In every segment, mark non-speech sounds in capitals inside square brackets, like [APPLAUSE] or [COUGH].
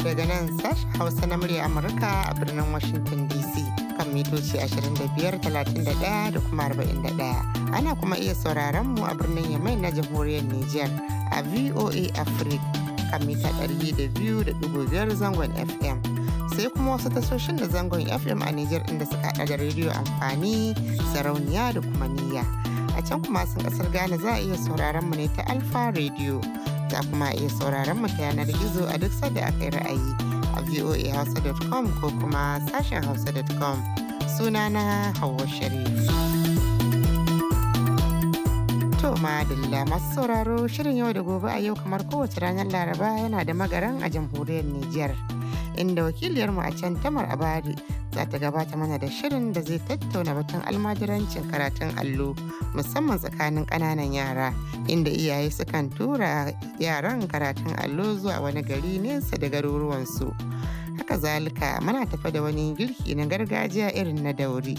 daga nan Sash hausa na murya amurka a birnin washington dc kan mitoci 25,31 da kuma 41 ana kuma iya sauraron mu a birnin yamai na jamhuriyar niger a voa africa kan mita 200.5 zangon fm sai kuma wasu tasoshin da zangon fm a niger inda suka hada da rediyo amfani sarauniya da kuma niyya a can kuma sun kasar ghana za a iya sauraron mu ne ta alfa radio Za kuma iya sauraron mu ta yanar gizo a duk sanda aka yi ra'ayi a voahausa.com ko kuma sashen hausa.com. na Hauwa Sharif. To madalla masu sauraro shirin yau da gobe a yau kamar kowace ranar Laraba yana da magaran a jamhuriyar Nijar. Inda wakiliyarmu a can Tamar Abari za ta gabata mana da shirin da zai tattauna batun almajirancin karatun allo musamman tsakanin ƙananan yara inda iyaye sukan tura yaran karatun allo zuwa wani gari nesa da garuruwansu haka zalika muna tafa da wani girki na gargajiya irin na dauri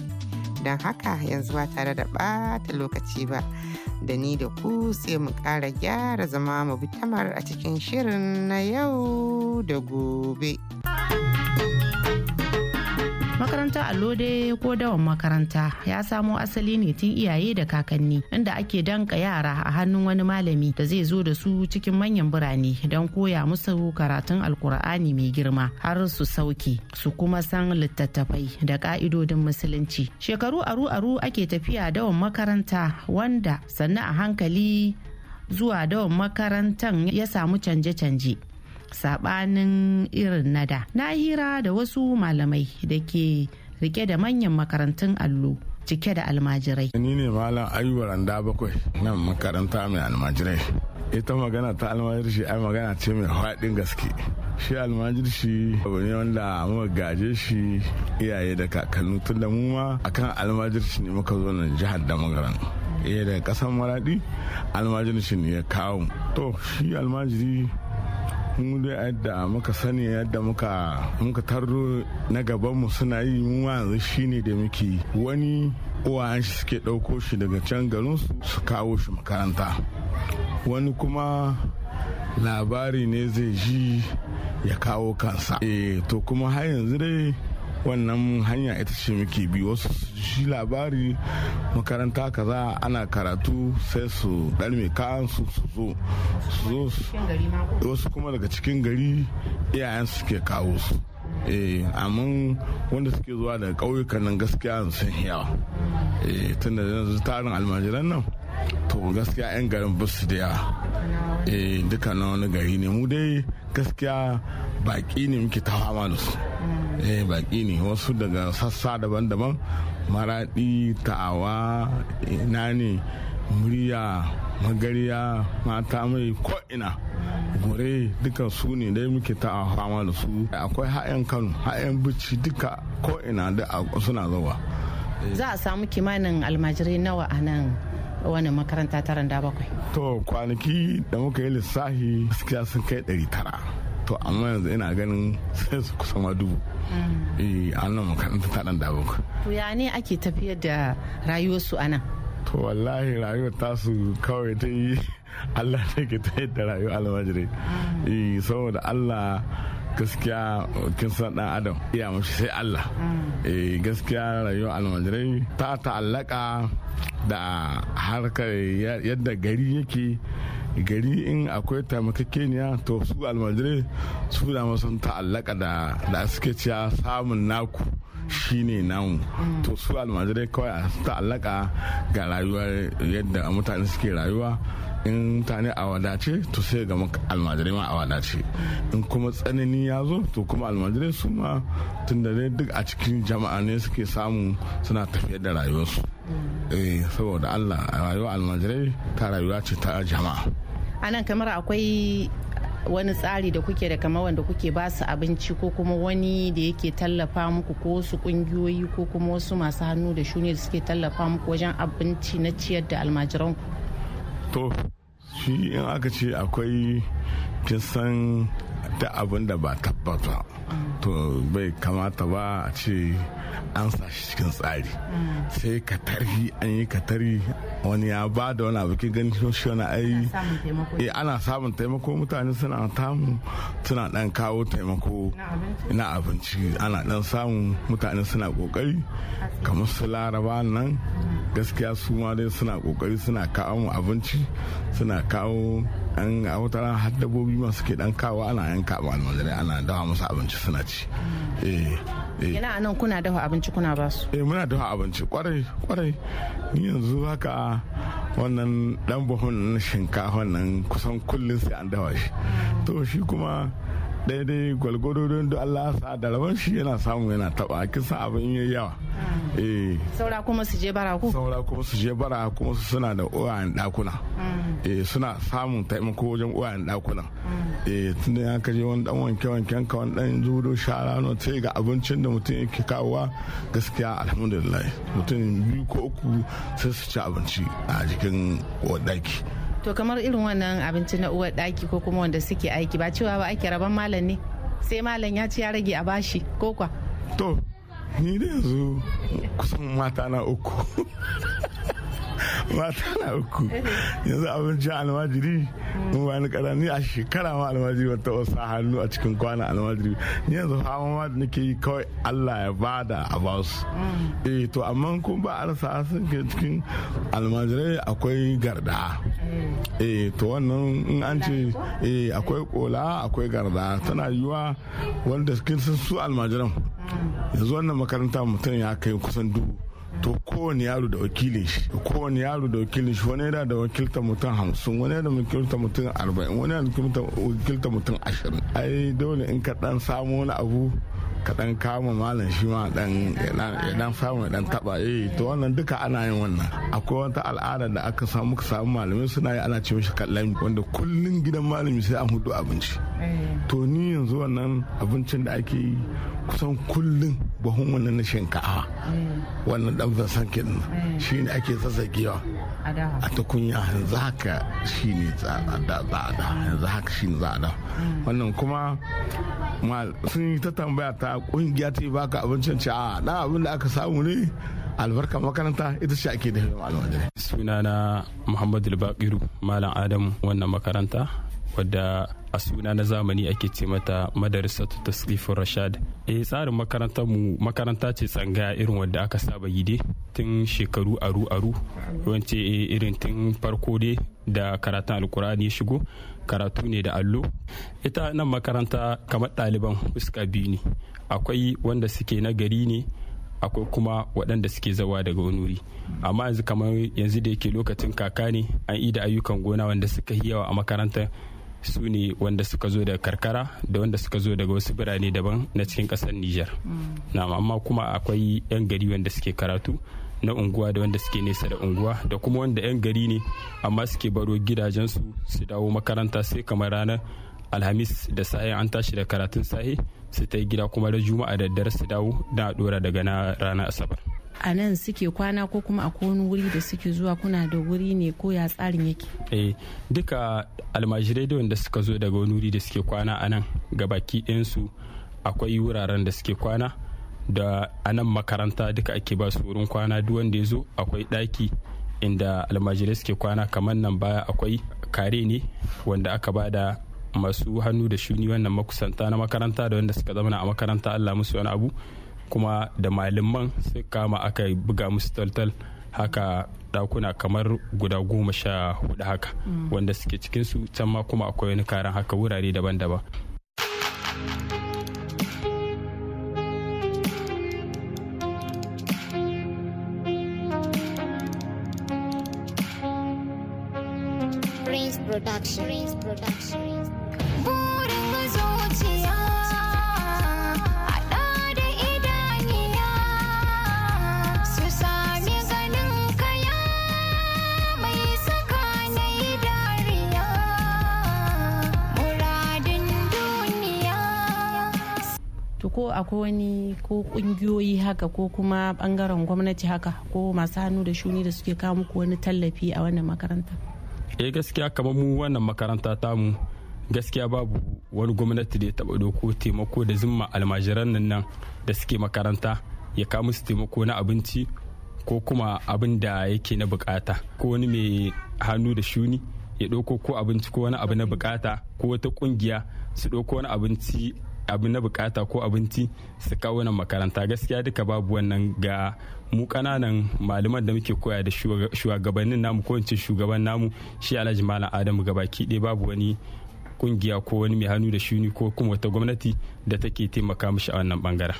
don haka yanzu ba tare da ɓata lokaci ba da ni da ku sai mu ƙara gyara zama mu bi tamar a cikin shirin na yau da gobe. makaranta allo dai ko dawan makaranta ya samo asali ne tun iyaye da kakanni inda ake danka yara a hannun wani malami da zai zo da su cikin manyan birane don koya musu karatun alkur'ani mai girma har su sauki su kuma san littattafai da ka'idodin musulunci shekaru aru-aru ake tafiya dawan makaranta wanda sannan a hankali zuwa dawan makarantan ya samu canje-canje sabanin irin nada na hira da wasu malamai da ke rike da manyan makarantun allo cike da almajirai ni ne malam ayuwa randa bakwai nan makaranta mai almajirai ita magana ta almajirshi ai magana ce mai haɗin gaske shi almajirshi abu ne wanda muka gaje shi iyaye da kakannu tun da mu ma akan almajirshi ne muka zo nan jihar da magaran iya eh, daga kasan maradi almajirshi ne ya kawo to shi almajiri mu da yadda muka sani yadda muka muka tarro na gabanmu suna yi mu yanzu shine da muke wani uwayen shi suke ɗauko shi daga can garin su kawo shi makaranta wani kuma labari ne zai ji ya kawo kansa eh to kuma har yanzu dai wannan hanya ita ce muke bi wasu shi labari makaranta kaza ana karatu sai su ɗalme kayan su su zo wasu kuma daga cikin gari iyayen suke kawo su eh amma wanda suke zuwa daga ƙauyukan nan gaskiya sun yawa eh, tun da tarin almajiran nan to gaskiya 'yan garin basu da yawa eh duka na wani gari ne mu dai gaskiya baki ne muke ta fama da su eh baki ne wasu daga sassa daban-daban maradi ta'awa ina ne murya magariya mata mai ko'ina gore duka su ne dai muke ta fama da su akwai ha'yan kano ha'yan bici duka ko'ina da suna zawa za a samu kimanin almajirai nawa a nan wannan makaranta ta randa bakwai to kwanaki da muka yi lissafi gaskiya sun kai ɗari tara to amma yanzu ina ganin sai su kusa ma dubu mm. eh an nan makaranta ta randa bakwai to ya ne ake tafiyar da rayuwarsu su anan? to wallahi rayuwar tasu kawai ta yi [LAUGHS] allah ne ke ta yadda rayuwar almajirai mm. eh, saboda allah gaskiya kin san dan adam iya mashi sai Allah eh gaskiya rayuwar almajirai ta ta'allaka da harkar yadda gari yake gari in akwai taimakakeniya to su almajirai su da sun ta'allaka da suke cewa samun naku shine namu to su almajirai kawai a ta'allaka ga rayuwar yadda mutane suke rayuwa in mutane a wadace to sai ga almajirai ma a wadace in kuma tsanani ya zo to kuma almajirai su ma da dai duk a cikin jama'a ne suke samu suna tafiya da rayuwarsu eh saboda allah rayuwa almajirai ta rayuwa ce ta jama'a anan kamar akwai wani tsari da kuke da kama wanda kuke ba su abinci ko kuma wani da yake tallafa muku ko wasu kungiyoyi ko kuma wasu masu hannu da shuni da suke tallafa muku wajen abinci na ciyar da almajiranku to shi in aka ce akwai kin san ita abin da ba tabbata to bai kamata ba a ce an sa shi cikin tsari sai ka tarhi an yi ka tari wani ya ba da wani abu gani shi wani ayi eh, ana samun taimako mutane suna tamu suna dan kawo taimako na abinci ana dan samun mutane suna kokari kamar su laraba nan mm. gaskiya su ma dai suna kokari suna kawo abinci suna kawo an a wata ran har dabbobi ma suke dan kawo ana yanka ba almajirai ana dawa musu abinci suna ci eh, eh yana anan kuna dafa abinci kuna ba su eh muna dafa abinci kwarai kwarai ni yanzu haka wannan dan buhun shinkafa nan kusan kullun sai an dawa shi to shi kuma Daidai dai gwalgwado don da Allah sa da rabon shi yana samu yana taba kisa abin yi yawa ah. eh saura kuma su je bara ku saura kuma su je bara kuma su suna da uwayen dakuna ah. eh suna samun taimako wajen uwayen dakuna ah. eh tun da ka je wani dan wanke wanken ka wani dan zudo shara no sai ga abincin da mutum yake kawowa gaskiya alhamdulillah mutum biyu ko uku sai su ci abinci a jikin wadaki to kamar irin wannan abinci na uwar daki ko kuma wanda suke aiki ba cewa ba ake raban malam ne sai malam ya ci ya rage a bashi ko kwa to ni da yanzu kusan mata na uku mata na uku yanzu abincin almajiri mun ni kara ni a shekara ma almajiri ba ta wasa hannu a cikin kwana almajiri ni yanzu fama ma da nake yi kawai Allah ya bada a ba su eh to amma kun ba a rasa sun cikin almajirai akwai garda eh to wannan in an ce eh akwai kola akwai garda tana yiwa wanda kin san su almajiran yanzu wannan makaranta mutum ya kai kusan dubu to kowane yaro da wakilin shi kowane yaro da wakilin shi wani yana da wakilta mutum hamsin wani yana da wakilta mutum arba'in wani yana da wakilta mutum ashirin ai dole in ka dan samu wani abu ka dan kama malam shi ma dan ya dan samu dan taba eh to wannan duka ana yin wannan akwai wata al'ada da aka samu ka samu malamai suna yi ana ce mishi kallami wanda kullun gidan malami sai an hudu abinci eh. to ni yanzu wannan abincin da ake yi kusan kullun buhun wannan na shinkafa eh. wannan dan ke nan eh. shi ne ake zazzagewa a ta kunya yanzu haka shi ne za a da yanzu haka shi ne za a da hmm. wannan kuma sun yi ta tambaya ta kungiya ta baka abincin ci a na abin aka samu ne albarka makaranta ita ce ake da suna sunana muhammadu bakiru malam adamu wannan makaranta wadda a suna na zamani ake ce mata ta tasirifin rashad eh tsarin makarantar mu makaranta ce tsangaya irin wadda aka saba yi dai tun shekaru aru aru yawanci eh, irin tun farko dai da karatun alkura ya shigo karatu ne da allo ita nan makaranta kamar ɗaliban fuska biyu ne akwai wanda suke na gari ne akwai kuma waɗanda suke zawa daga wani wuri amma yanzu kamar yanzu da yake lokacin kaka ne an yi da ayyukan gona wanda suka yi yawa a makarantar su ne wanda suka zo daga karkara da wanda suka zo daga wasu birane daban na cikin ƙasar niger mm. amma kuma akwai 'yan gari wanda suke karatu na unguwa da wanda suke nesa da unguwa da kuma wanda 'yan gari ne amma suke baro gidajensu su dawo makaranta sai kamar ranar alhamis da sa'ayin an tashi da karatun sahi su ta gida kuma da juma'a da daddare su dawo da dora daga na ranar asabar a nan suke kwana ko kuma a wani wuri da suke zuwa kuna da wuri ne ko ya tsarin yake eh duka almajirai da wanda suka zo daga wani wuri da suke kwana a nan ga baki su akwai wuraren da suke kwana da anan makaranta duka ake ba su wurin kwana duk wanda ya zo akwai ɗaki inda almajirai suke kwana kamar nan baya akwai kare ne wanda aka ba da masu hannu da shuni wannan makusanta na makaranta da wanda suka zamana a makaranta allah musu wani abu kuma da malaman sai kama aka buga musu taltal haka dakuna kamar guda goma sha hudu haka mm. wanda suke cikinsu can ma kuma akwai wani karen haka wurare daban-daban ko wani ko kungiyoyi haka ko kuma bangaren gwamnati haka ko masu hannu da shuni da suke kawo muku wani tallafi a wannan makaranta eh gaskiya kamar mu wannan makaranta tamu gaskiya babu wani gwamnati da ya taba doko taimako da zimma almajiran nan nan da suke makaranta ya kawo musu taimako na abinci ko kuma abin da yake na bukata ko wani mai hannu da shuni ya ɗauko ko abinci ko wani abu na bukata ko wata kungiya su ɗauko wani abinci abu na bukata ko abinci su kawo nan makaranta gaskiya duka babu wannan ga mu kananan malaman da muke koya da shugabannin namu ko ince shugaban namu shi alhaji malam adamu gabaki ɗaya babu wani kungiya ko wani mai hannu da shuni ko kuma wata gwamnati da take taimaka mishi a wannan bangaren.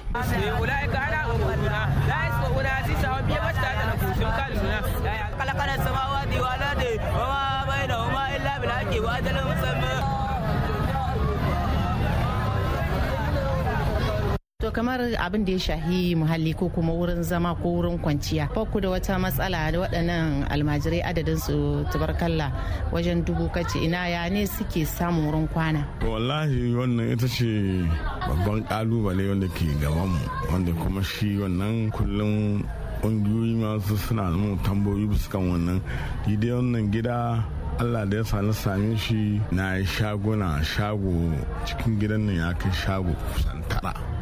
To kamar abin da ya shahi muhalli ko kuma wurin zama ko wurin kwanciya. farko da wata matsala da waɗannan almajirai adadin su tabarkalla wajen dubu kace ina ya ne suke samun wurin kwana. Wallahi wannan ita ce babban kalubale wanda ke gabanmu wanda kuma shi wannan kullum ƙungiyoyi masu suna mu tambayoyi bisa kan wannan. Dai wannan gida Allah da ya sani same shi na shaguna shago cikin gidan nan ya kai shago kusan tara.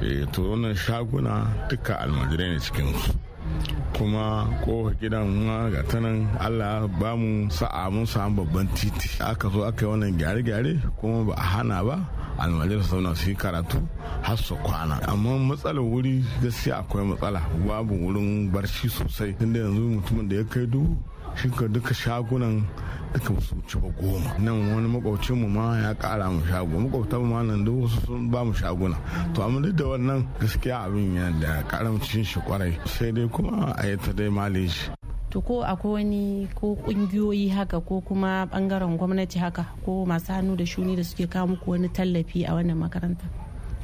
Eh, to wannan shaguna duka almajirai ne cikinsu kuma kofa gidan ma ga tanan allah ba mu sa'a mun samu babban titi aka zo aka yi wannan gyare-gyare kuma ba a hana ba almajirai su su karatu har su kwana amma matsalar wuri gaskiya akwai matsala babu wurin barci sosai tunda yanzu mutumin da ya kai dubu shiga duka shagunan duka su ci ba goma nan wani makwabcin mu ma ya kara mu shago makwabta mu ma nan duk wasu sun ba mu shaguna to amma duk da wannan gaskiya abin ya da cin shi kwarai sai dai kuma a yi ta dai maleji to ko akwai wani ko kungiyoyi haka ko kuma bangaren gwamnati haka ko masu hannu da shuni da suke kawo muku wani tallafi a wannan makaranta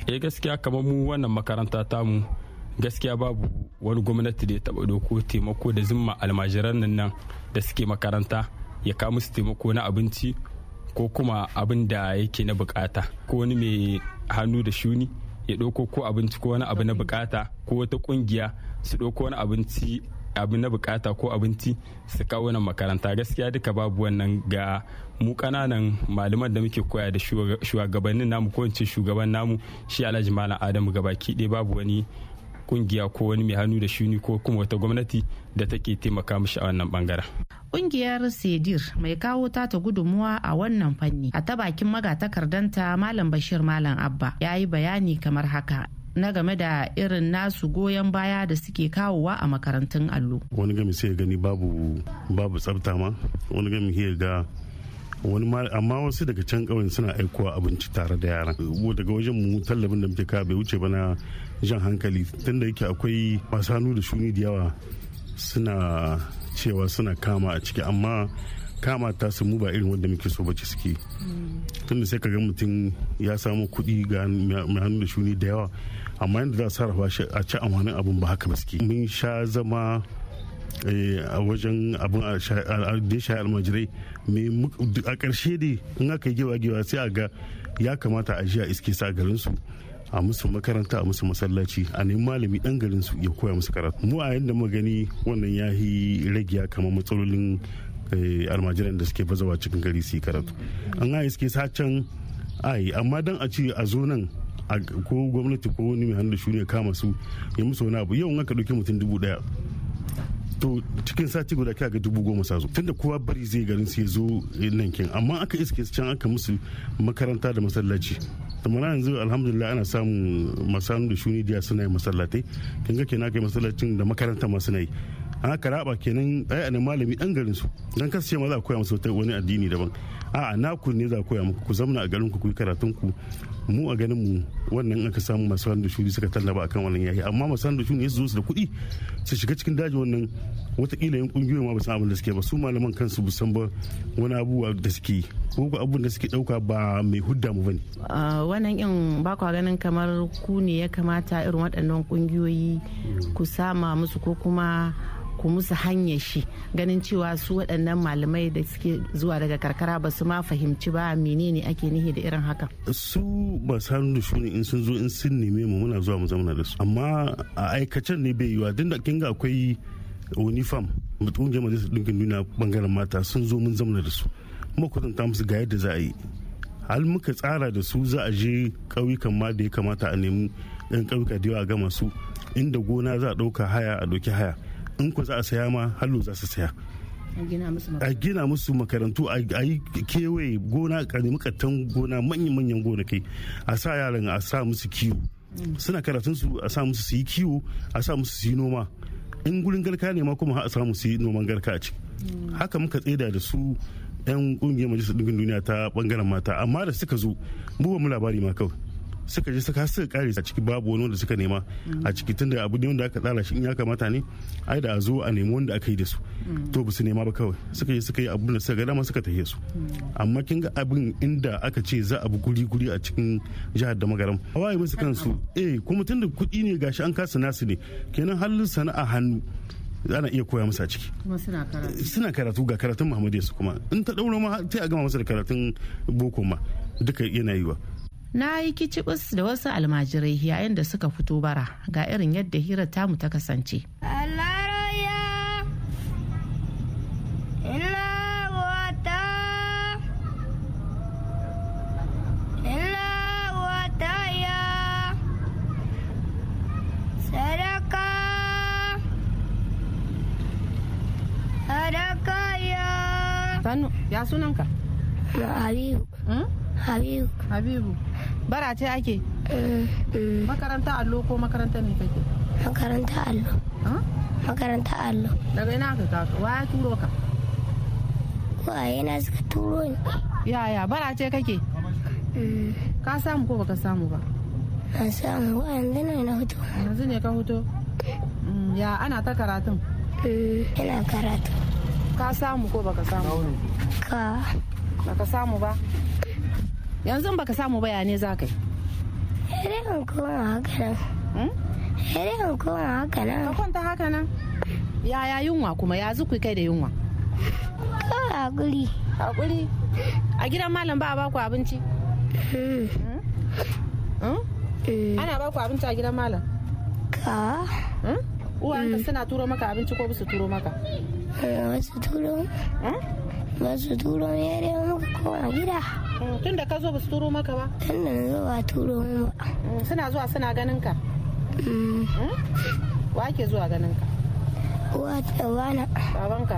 eh gaskiya kamar mu wannan makaranta tamu mu gaskiya babu wani gwamnati da ya taba doko taimako da zimma almajiran nan nan da suke makaranta ya kawo musu taimako na abinci ko kuma abin da yake na bukata ko wani mai hannu da shuni ya ɗauko ko abinci ko wani abu na bukata ko wata kungiya su ɗauko wani abinci abu na bukata ko abinci su kawo nan makaranta gaskiya duka babu wannan ga mu kananan malaman da muke koya da shugabannin namu ko shugaban namu shi alhaji malam adamu gabaki ɗaya babu wani kungiya ko wani mai hannu da shuni ko kuma wata gwamnati da take taimaka mishi a wannan bangaren. Kungiyar Sedir mai kawo tata gudunmuwa a wannan fanni a ta bakin magatakardanta Malam Bashir Malam Abba ya yi bayani kamar haka. na game da irin nasu goyon baya da suke kawowa a makarantun allo. Wani gami sai gani babu babu tsafta ma, wani gami sai ga wani amma wasu daga can ƙauyen suna aikowa abinci tare da yaran daga wajen mu tallafin da muke ka bai wuce bana jan hankali tunda yake akwai masu hannu da shuni da yawa suna cewa suna kama a ciki amma kama ta su mu ba irin wanda muke so bace suke tunda sai ka ga mutum ya samu kuɗi ga mai hannu da shuni da yawa amma yadda za a sarrafa shi a ci amfanin abin ba haka ba suke mun sha zama Eh, a wajen abin da shahi almajirai a ƙarshe dai in aka yi gewa-gewa sai a ga ya kamata a ji a iske sa garin su a musu makaranta a musu masallaci a nemi malami dan garin su ya koya musu karatu mu a yadda magani wannan ya yi ragiya kamar matsalolin eh, almajiran da suke bazawa cikin gari su yi karatu an ga iske sacen ai amma dan a ce a zo nan ko gwamnati ko wani mai hannu da ya kama su ya musu wani abu yau in aka ɗauki mutum dubu ɗaya to cikin sati guda kai ga dubu goma sa zo tunda kowa bari zai garin sai zo nan kin amma aka iske su can aka musu makaranta da masallaci na yanzu alhamdulillah ana samun masanu da shuni diya suna yi masallatai kin ga kenan kai masallacin da makaranta ma suna yi an kenan ai malami dan garin su dan kasance ma za a koya musu wani addini daban a'a ku ne za koya muku ku zamna a garin ku ku yi karatun ku mu a ganin mu wannan aka samu masu hannu shuri suka tallaba akan wannan yayi amma masu hannu shuni su zo su da kuɗi su shiga cikin daji wannan watakila yin kungiyoyi ma ba san abin da suke ba su malaman kansu ba san ba wani abubuwa da suke ko ko abun da suke dauka ba mai hudda mu bane wannan in ba ku ganin kamar ku ne ya kamata irin waɗannan kungiyoyi ku sama musu ko kuma ku musu hanya shi ganin cewa su waɗannan malamai da suke zuwa daga karkara ba su ma fahimci ba menene ake nihi da irin haka su ba sanu da ne in sun zo in sun neme mu muna zuwa mu zauna da su amma a aikacen ne bai yiwa dinda kin kinga akwai unifam kungiyar majalisar dinkin duniya bangaren mata sun zo mun zauna da su kuma kwatanta musu ga yadda za a yi hal muka tsara da su za a je ƙauyukan ma da ya kamata a nemi ɗan ƙauyuka da yawa gama su inda gona za a ɗauka haya a ɗauki haya in ku za a saya ma halu za su saya a gina musu makarantu a yi kewaye gona karni kattan gona manyan-manyan gonakai a sa yaran a sa musu kiwo mm. suna karatun su a sa musu su yi kiwo a sa musu su yi noma in gurin garka ne ma kuma a sa musu noman garka a ciki mm. haka muka tseda da su 'yan kungiyar majalisar ɗinkin duniya ta bangaren mata amma da suka zo mu mu labari ma kawai suka je suka suka kare a ciki babu wani wanda suka nema a ciki tun da abu ne wanda aka tsara shi in ya kamata ne ai da a zo a nemi wanda aka yi da su to ba su nema ba kawai suka je suka yi abin da suka ga dama suka tafi su amma kin ga abin inda aka ce za a bi guri guri a cikin jihar da magaram hawaye musu kansu eh kuma da kuɗi ne gashi an kasa nasu ne kenan halin sana'a hannu ana iya koya musu a ciki suna karatu ga karatun muhammadu su kuma in ta ɗaura ma sai a gama masa da karatun boko ma duka yana yiwa na yi kicibis da wasu almajirai yayin da suka fito bara ga irin yadda hirar tamu ta kasance ya sunanka? Habibu. Hmm? Habibu. Habibu. bara ce ake eh, eh. makaranta allo ko makaranta ne kake makaranta allo makaranta allo daga ina ka taso waya turo ka waye na suka turo ni yaya bara ce kake eh. ka samu ko baka samu ba na samu ba yanzu ne na hoto yanzu ne ka hoto mm, ya ana ta karatun ina karatu ka samu ko baka samu ka baka samu ba yanzu baka samu bayani za ka yi sai kowa haka nan sai hmm? dai haka nan ka kwanta haka nan yaya yunwa kuma ya zuku kai da yunwa kawai hakuri hakuri a gidan malam ba a baku abinci hmm. Hmm? ana baku abinci a gidan malam ka uwanka suna turo maka abinci ko su turo maka eh, ba su turo ba su turo ya dai kowa gida Mm, tun da ka zo ba su turo maka ba suna zuwa turo ba mm, suna zuwa suna ganin ka mm. wa ke zuwa ganin ka uwa tabana babanka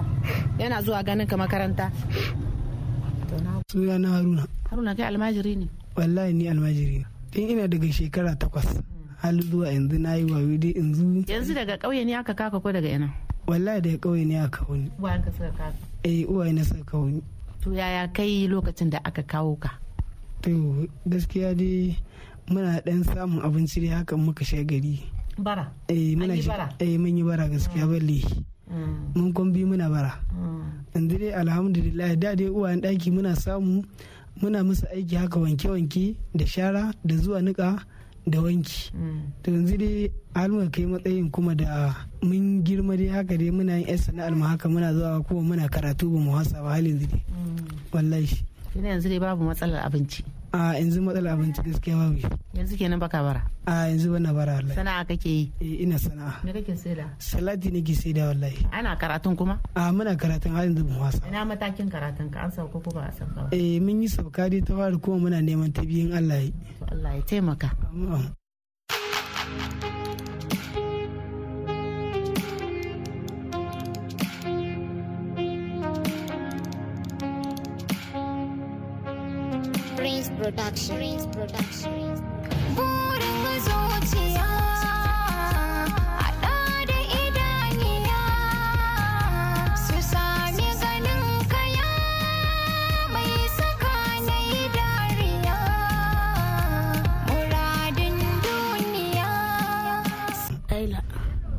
yana zuwa ganin ka makaranta suna na haruna haruna kai almajiri ne wallahi ni almajiri ne tun ina daga shekara takwas hal zuwa yanzu na yi wa wuri yanzu yanzu daga ƙauye ne aka kaka ko daga ina wallahi daga ƙauye ne aka wani uwa ka suka kaka eh uwa ne suka kawo to yaya kai lokacin da aka kawo ka to gaskiya dai muna dan samun abinci dai hakan muka sha gari bara eh muna eh mun yi bara gaskiya mm. balle mm. mun bi muna bara mm. yanzu dai alhamdulillah da dai uwa daki muna samu muna musu aiki haka wanke-wanke da shara da zuwa niƙa da wanki to yanzu dai har kai matsayin kuma da mun girma dai haka dai muna yin yan sana'ar mu haka muna zuwa kuma muna karatu ba mu hasa ba halin dai mm. wallahi yanzu dai babu matsalar abinci a yanzu matsala abinci gaskiya ba mu yanzu kenan baka bara a yanzu bana bara wallahi sana'a kake yi eh ina sana'a me kake saida salati nake saida wallahi ana karatun kuma a muna karatun har yanzu mu wasa ina matakin karatun ka an sauka ko ba a sauka ba eh mun yi sauka dai ta fara kuma muna neman ta Allah ya Allah ya taimaka Productions. Productions. da idaniya su sami kaya mai saka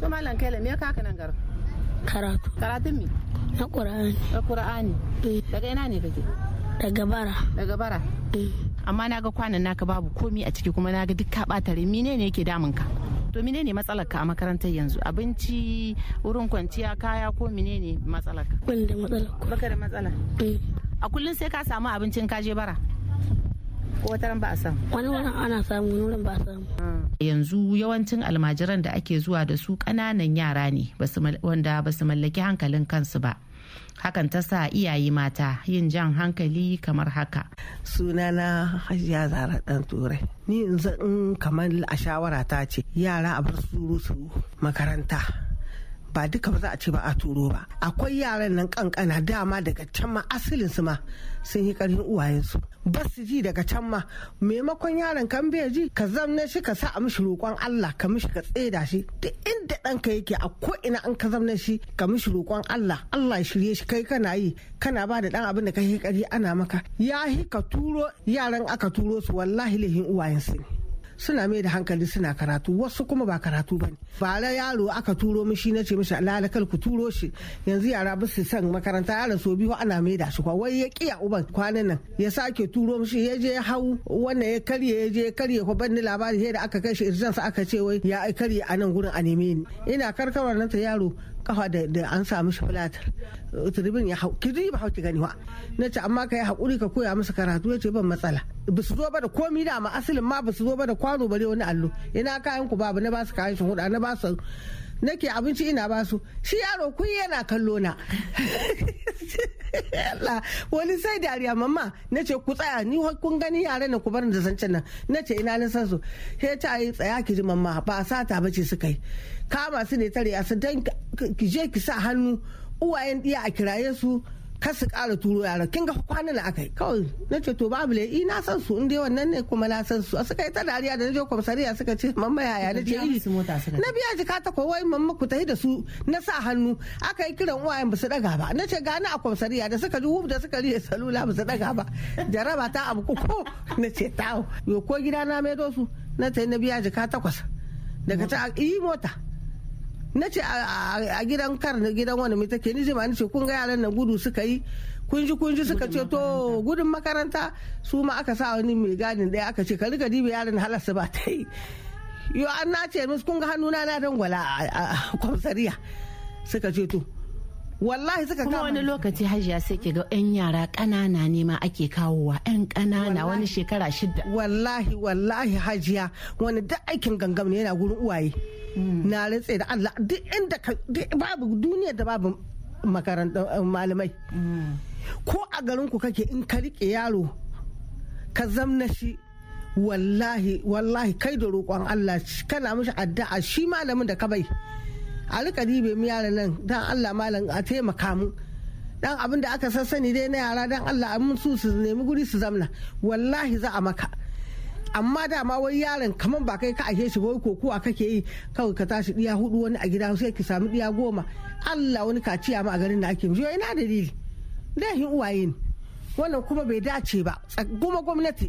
me nan gar? Karatu. Karatun Na Na eh. Daga ina ne kake? Daga bara. Daga bara? Eh. amma na ga kwanan naka babu komi a ciki kuma na ga duk ka ɓata mine ne yake damun ka to mine ne matsalar ka a makarantar yanzu abinci wurin kwanciya kaya ko mine ne matsalar ka ban da matsala ku baka da matsala eh. a kullum sai ka samu abincin ka je bara ko wata ba a samu wani wani ana samu wani ran ba a samu ah. yanzu yawancin almajiran da ake zuwa da su ƙananan yara ne wanda ba su mallaki hankalin kansu ba hakan ta sa iyaye mata yin jan hankali kamar haka sunana hajiya zara dan turai ni in kamar a shawara ta ce yara a bar su makaranta ba duka ba za a ce ba a turo ba akwai yaran nan kankana dama daga can ma asalin su ma sun yi karfin uwayensu ba su ji daga can ma maimakon yaran kan bai ji ka zamna shi ka sa a mishi roƙon Allah ka mishi ka tseda shi duk inda ɗanka yake a ko ina an ka zamna shi ka mishi roƙon Allah Allah ya shirye shi kai kana yi kana ba da ɗan abin da ka yi ana maka ya hi ka turo yaran aka turo su wallahi lahin uwayensu ne suna mai da hankali suna karatu wasu kuma ba karatu ba ne bara yaro aka turo mishi na ce mishi alalakal ku turo shi yanzu yara ba su san makaranta yara so biyu ana mai da shi wai ya kiya uban kwanan nan ya sake turo mishi ya je hau wannan ya karye ya je ya karye ko ban labari da aka kai shi irjan aka ce wai ya karye a nan gurin a neme ni ina karkarwar nan ta yaro kafa da an sa mishi fulatar tribun ya hau kiri ba ki gani wa na ce amma ka yi haƙuri ka koya musu karatu ya ce ban matsala ba su zo ba da komi da ma asalin ma ba su zo ba da kwano bare wani allo ina kayan ku babu na ba su kayan shi hudu na ba su nake abinci ina ba su shi yaro kun yana kallo na wani sai dariya mamma na ce ku tsaya ni kun gani yare na ku bar da zancen nan na ce ina nisan su he ta yi tsaya ki ji mamma ba a sata ba ce suka yi kama su ne tare a su dan ki je ki sa hannu uwayen iya a kiraye su kar su ƙara turo yara kin ga kwanan da aka yi kawai na ce to babu le ina san su inda wannan ne kuma na san su suka yi ta dariya da na je suka ce mamma yaya na ce na biya jika ta ko wai mamma ku tafi da su na sa hannu aka yi kiran uwaye ba su daga ba na ce ni a kwamsariya da suka ji da suka riye salula ba su daga ba jaraba ta abu ko na ce tawo yo ko gida na maido na ce na biya jika takwas daga ta yi mota na ce a gidan kar na gidan wani mai take ni jima'a ma ni ce kun ga yaran nan gudu suka yi kunji kunji suka ce to gudun makaranta su ma aka sa wani mai gadin daya aka ce ka rika dibi yaran halarsa ba ta yi yo an na ce mus kun ga hannuna na dangwala a kwamsariya suka ce to wallahi suka kama wani lokaci hajiya sai ke ga yan yara kanana ne ma ake kawowa yan kanana wani shekara shida wallahi wallahi hajiya wani duk aikin gangam ne yana gurin uwaye na rantse da Allah duk inda babu duniya da babu makarantar eh, malamai ko a garin ku kake in ka rike yaro ka zamna shi wallahi wallahi kai da roƙon Allah kana mishi addu'a shi malamin da ka bai a rika mu yaran nan dan Allah malam a taimaka mu dan abin da aka sassani dai na yara dan Allah mun su su nemi guri su zamna wallahi za a maka amma dama wai yaron kamar ba kai ka ake shi ko kuwa kake yi kawai ka tashi diya hudu wani a gida sai ki samu diya goma Allah wani kaciya ma a garin da ake mishi ina dalili dai hin uwaye ne wannan kuma bai dace ba goma gwamnati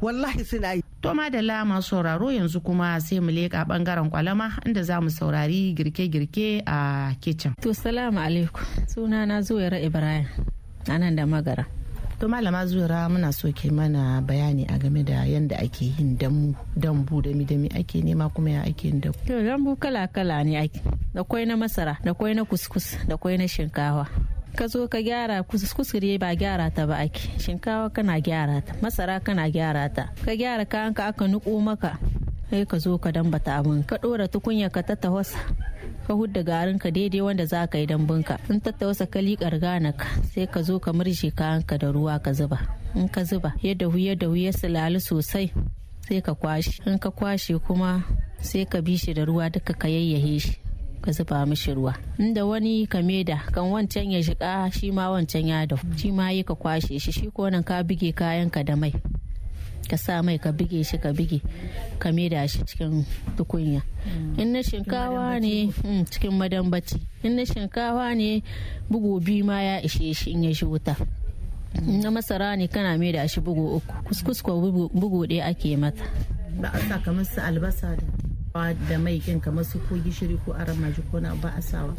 wallahi suna yi to da lama sauraro yanzu kuma sai mu leka bangaren kwalama inda za mu saurari girke-girke a kicin to salamu alaikum suna na zuwa ibrahim nan da magara to malama zuwa muna so ke mana bayani a game da yadda ake yin dambu dambu dami dami ake nema kuma ya ake yin dambu to dambu kala kala ne ake da kwai na masara da kwai na kuskus da kwai na shinkawa ka zo ka gyara kuskure ba gyara ta ba ake shinkawa kana gyara ta masara kana gyara ta ka gyara kayanka ka aka nuko maka sai ka zo ka dambata abin ka dora tukunya ka ta tawasa ka hudda garin ka daidai wanda za ka yi ka. in ta tawasa ka liƙar ganaka sai ka zo ka murje ka da ruwa ka zuba in ka zuba yadda huye da huye sulali sosai sai ka kwashe in ka kwashe kuma sai ka bi shi da ruwa duka ka yayyahe shi ka zuba mishi ruwa inda wani kame da kan wancan ya shiga shi ma wancan ya dau shi ma yi ka kwashe shi shi ko nan ka bige kayan ka da mai ka sa mai ka bige shi ka bige ka da shi cikin tukunya hmm. in na shinkawa ne cikin madambaci hmm, in na shinkawa ne bugu bi ma ya ishe shi in ya shi wuta na masara ne kana mai da shi bugu uku kuskus ko bugu ɗaya ake mata ba a sa kamar su albasa da da mai kin kamar su ko gishiri ko aran maji ko na ba a sawa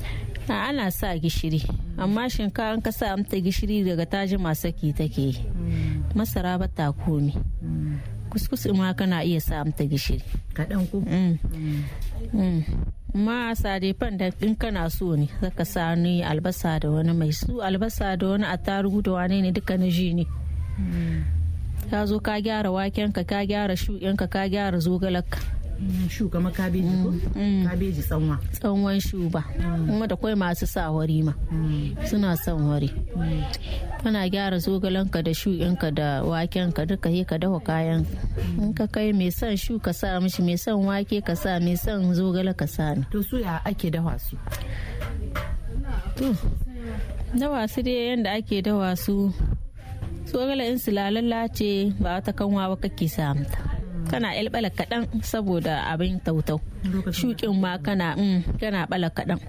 a ana sa gishiri amma shinkafa ka sa amta gishiri daga taji masaki take mm. masara ba ta komi mm. kuskus ma kana iya sa amta gishiri kaɗan ku mm. ma fan da in kana so ne zaka sa ni albasa da wani mai su albasa da wani attarugu da wani ne duka na ji ne ka zo ka gyara wakenka ka gyara shuɗinka ka gyara zogalarka Mm, shuka makabeji kabeji ko mm, mm. kabeji tsanwa tsanwan shuba kuma da kwai masu sa wari ma suna son wari kana gyara zogalanka da shuɗinka da wakenka duka he ka dafa kayan in ka kai mai son shu ka sa mishi mai son wake ka sa mai son zogale ka sa ni to su ya ake da su to dawa su dai yadda ake dawa su zogale in su lalala ce ba ta kanwa ba kake samu ta kana ƴalɓala kaɗan saboda abin tautau shukin ma kana mm, kana bala kaɗan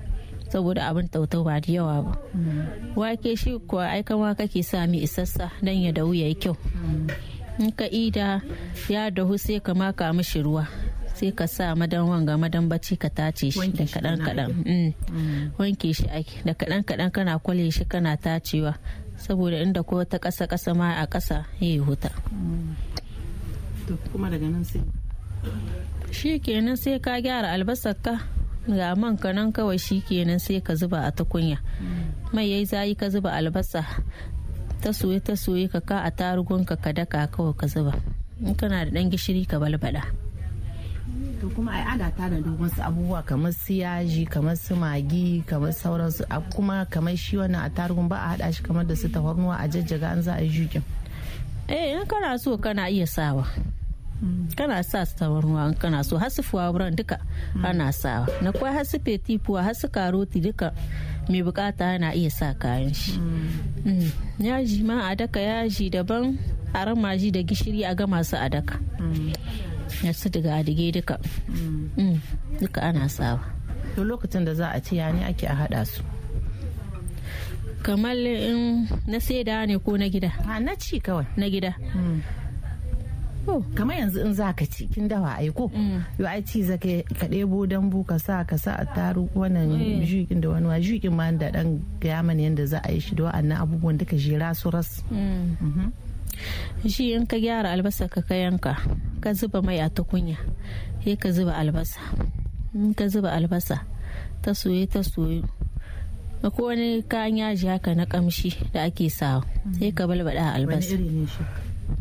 saboda abin tautau ba da yawa ba mm. wake shi kuwa aikan ma kake sami isassa dan ya dahu yayi kyau mm. in ka ida ya dahu sai ka maka mishi ruwa sai ka sa madan wanga madan bacci ka tace shi da kaɗan kaɗan wanke shi ake da kadan kadan kana kwale shi kana tacewa saboda inda ko ta kasa kasa ma a kasa ya yi huta kuma daga nan sai shi kenan sai ka gyara albasar ka ga man ka nan kawai shi kenan sai ka zuba a tukunya mai yayi zayi ka zuba albasa ta soye ta soye ka ka a tarugun ka ka daka kawai ka zuba in kana da dan gishiri ka balbada to kuma ai ada ta da dogon su abubuwa kamar su yaji kamar su magi kamar sauransu kuma kamar shi wannan a tarugun ba a hada shi kamar da su tafarnuwa a jajjaga an za a yi jukin eh in kana so kana iya sawa kana sa su tabarnuwa in kana so hasu fuwaburan duka ana sawa na kwa hasu fetifuwa hasu karoti duka mai bukata ana iya sa kayan shi mm. yaji ma a daka yaji daban a ramaji da gishiri a gama su a daka ya su daga adige duka mm. Mm. duka ana sawa lokacin da za a ci ya ne ake a hada su kamar in na saida ne ko na gida a ah, na ci kawai na gida mm. kamar yanzu in za ka ci kin dawa ai ko mm. yo ai ci zaka ka ɗebo dambu ka sa ka sa a taru wannan eh. jikin da wani jikin ma da dan gaya mana yanda za a yi shi da wa'annan abubuwan duka jera su ras mm. mhm. shi in ka gyara albasa ka kayanka yanka ka zuba mai a tukunya sai ka zuba albasa in ka zuba albasa ta soye ta soye ko wani kayan yaji haka na kamshi da ake sawa sai ka balbada albasa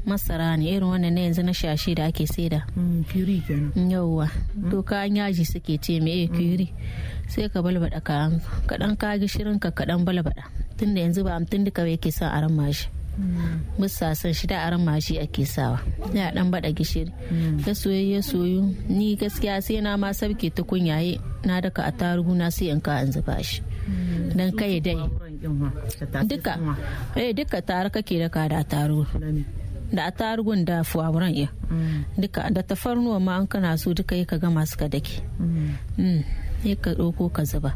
masara ne irin wannan na yanzu na shashi da ake saida kiri mm, kenan mm. to kayan yaji suke ce me eh kiri sai ka balbada kayan kadan ka gishirin ka kadan balbada tunda yanzu ba amtin duka yake mm. son aran mashi musa san shi da aran mashi ake sawa ya dan bada gishiri ta soyayya soyu ni gaskiya sai na ma sabke tukunyaye na daka a tarugu na sai in ka an zuba shi don kai dai duka eh duka tare kake da ka da taro da atarugun da fuwaburan iya duka da tafarnuwa ma an kana so duka yi ka gama suka dake mm. Mm. ka ɗauko ka zuba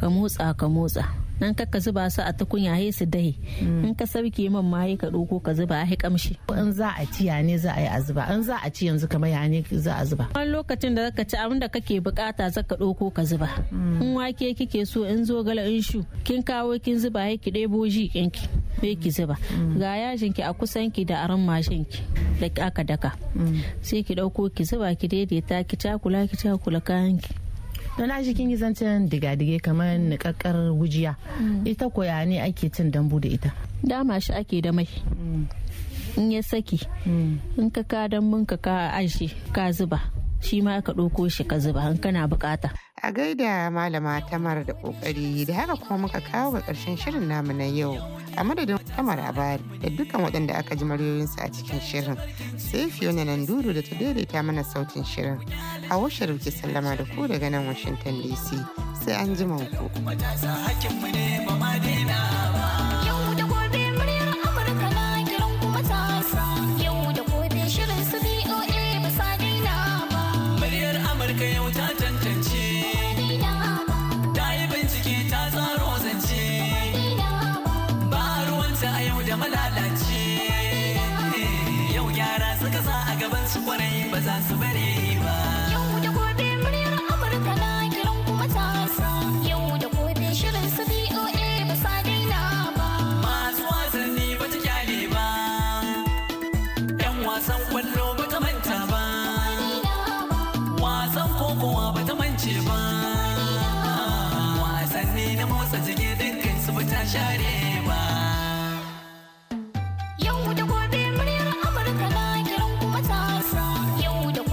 ka motsa ka motsa nan ka zuba su a tukunya he su dahe mm. in ka sauke man ma ka ɗauko ka zuba a kamshi in za a ci ya ne za a yi a zuba in za a ci yanzu kamar ya ne za a zuba wani lokacin da zaka ci abin da kake bukata za ka ɗauko ka zuba mm. in wake kike so in zo gala in shu kin kawo kin zuba he ki ɗebo ji ki sai ki zuba mm. ga yashin ki a kusan ki da aran mashin ki da aka daka sai ki ɗauko ki zuba ki daidaita ki cakula ki cakula kayan ki don aji kin yi zancen diga-dige kamar nikakkar wujiya mm. ita koya ne ake cin dambu da ita dama shi ake da mai mm. in ya saki mm. in ka ka dambun ka ka aji ka zuba shi ma ka ɗauko shi ka zuba in kana bukata a gaida malama tamar da kokari da haka kuma muka kawo ga karshen shirin namu na yau a madadin tamar bari, da dukkan waɗanda aka ji maryoyinsu a cikin shirin sai fiye nan duru da ta daidaita mana sautin shirin a sharif ke sallama da ku daga nan washington dc sai an ji ku.